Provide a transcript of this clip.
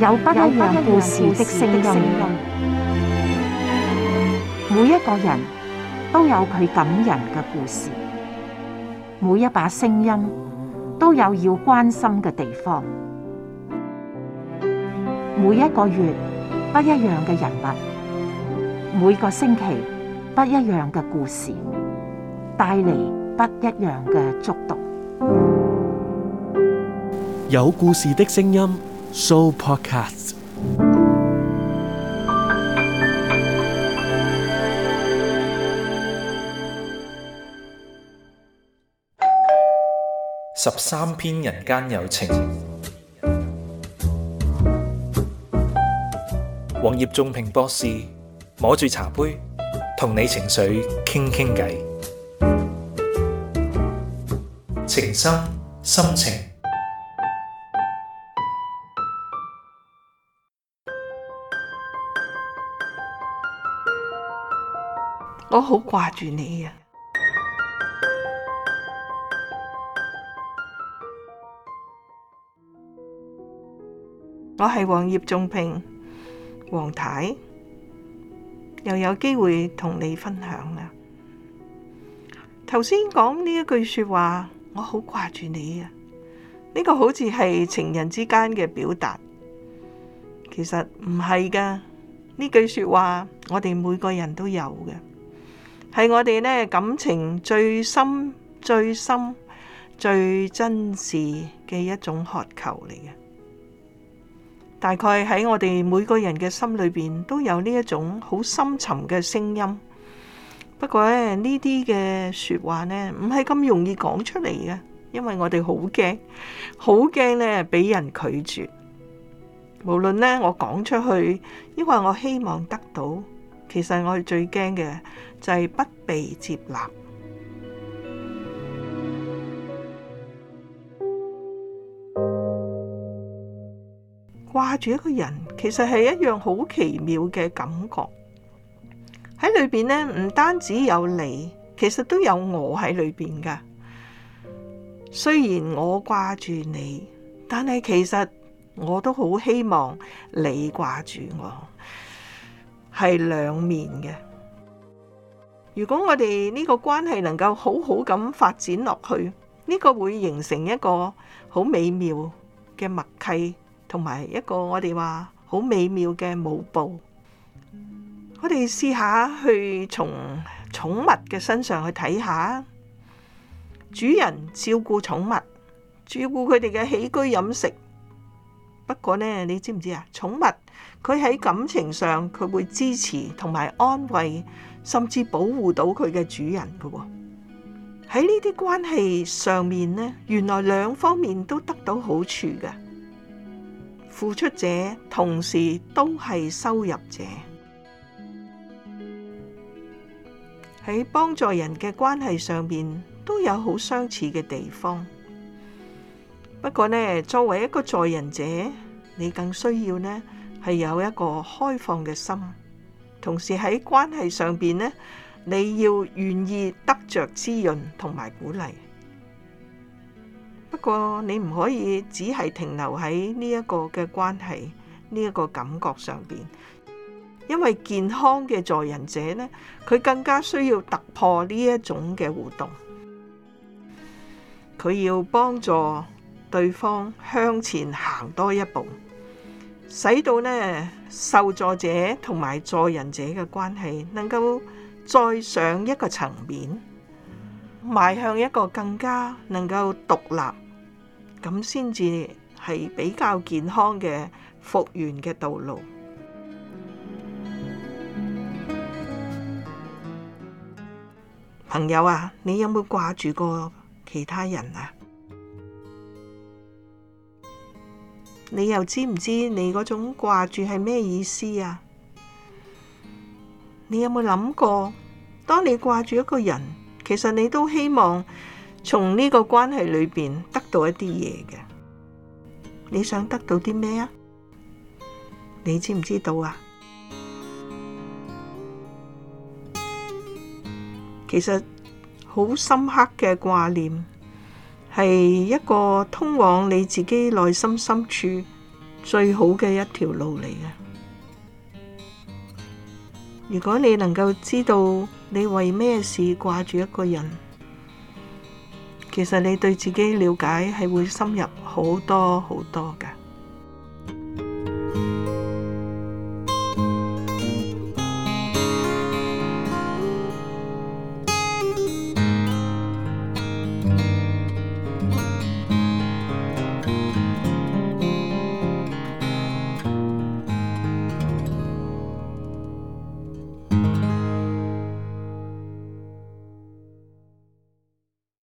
有不一樣故事的聲音，每一個人都有佢感人嘅故事，每一把聲音都有要關心嘅地方，每一個月不一樣嘅人物，每個星期不一樣嘅故事，帶嚟不一樣嘅觸動。有故事的聲音。So Show Podcast，十三篇人間有情，黃葉仲萍博士摸住茶杯，同你情緒傾傾偈，情深深情。我好掛住你啊！我係黃葉仲萍，黃太又有機會同你分享啦。頭先講呢一句說話，我好掛住你啊！呢個好似係情人之間嘅表達，其實唔係噶。呢句說話，我哋每個人都有嘅。係我哋呢，感情最深、最深、最真摯嘅一種渴求嚟嘅。大概喺我哋每個人嘅心裏邊都有呢一種好深沉嘅聲音。不過呢，呢啲嘅說話呢唔係咁容易講出嚟嘅，因為我哋好驚，好驚呢俾人拒絕。無論呢我講出去，抑或我希望得到。其實我哋最驚嘅就係不被接納。掛住一個人，其實係一樣好奇妙嘅感覺。喺裏邊咧，唔單止有你，其實都有我喺裏邊㗎。雖然我掛住你，但係其實我都好希望你掛住我。係兩面嘅。如果我哋呢個關係能夠好好咁發展落去，呢個會形成一個好美妙嘅默契，同埋一個我哋話好美妙嘅舞步。我哋試下去從寵物嘅身上去睇下，主人照顧寵物，照顧佢哋嘅起居飲食。不過呢，你知唔知啊？寵物佢喺感情上佢會支持同埋安慰，甚至保護到佢嘅主人㗎喎。喺呢啲關係上面呢，原來兩方面都得到好處嘅，付出者同時都係收入者。喺幫助人嘅關係上面都有好相似嘅地方。不過呢，作為一個助人者，你更需要呢係有一個開放嘅心，同時喺關係上邊呢，你要願意得着滋潤同埋鼓勵。不過你唔可以只係停留喺呢一個嘅關係呢一個感覺上邊，因為健康嘅助人者呢，佢更加需要突破呢一種嘅互動，佢要幫助。對方向前行多一步，使到呢受助者同埋助人者嘅關係能夠再上一個層面，邁向一個更加能夠獨立，咁先至係比較健康嘅復原嘅道路。朋友啊，你有冇掛住過其他人啊？你又知唔知你嗰種掛住係咩意思啊？你有冇諗過，當你掛住一個人，其實你都希望從呢個關係裏邊得到一啲嘢嘅。你想得到啲咩啊？你知唔知道啊？其實好深刻嘅掛念。係一個通往你自己內心深處最好嘅一條路嚟嘅。如果你能夠知道你為咩事掛住一個人，其實你對自己了解係會深入好多好多嘅。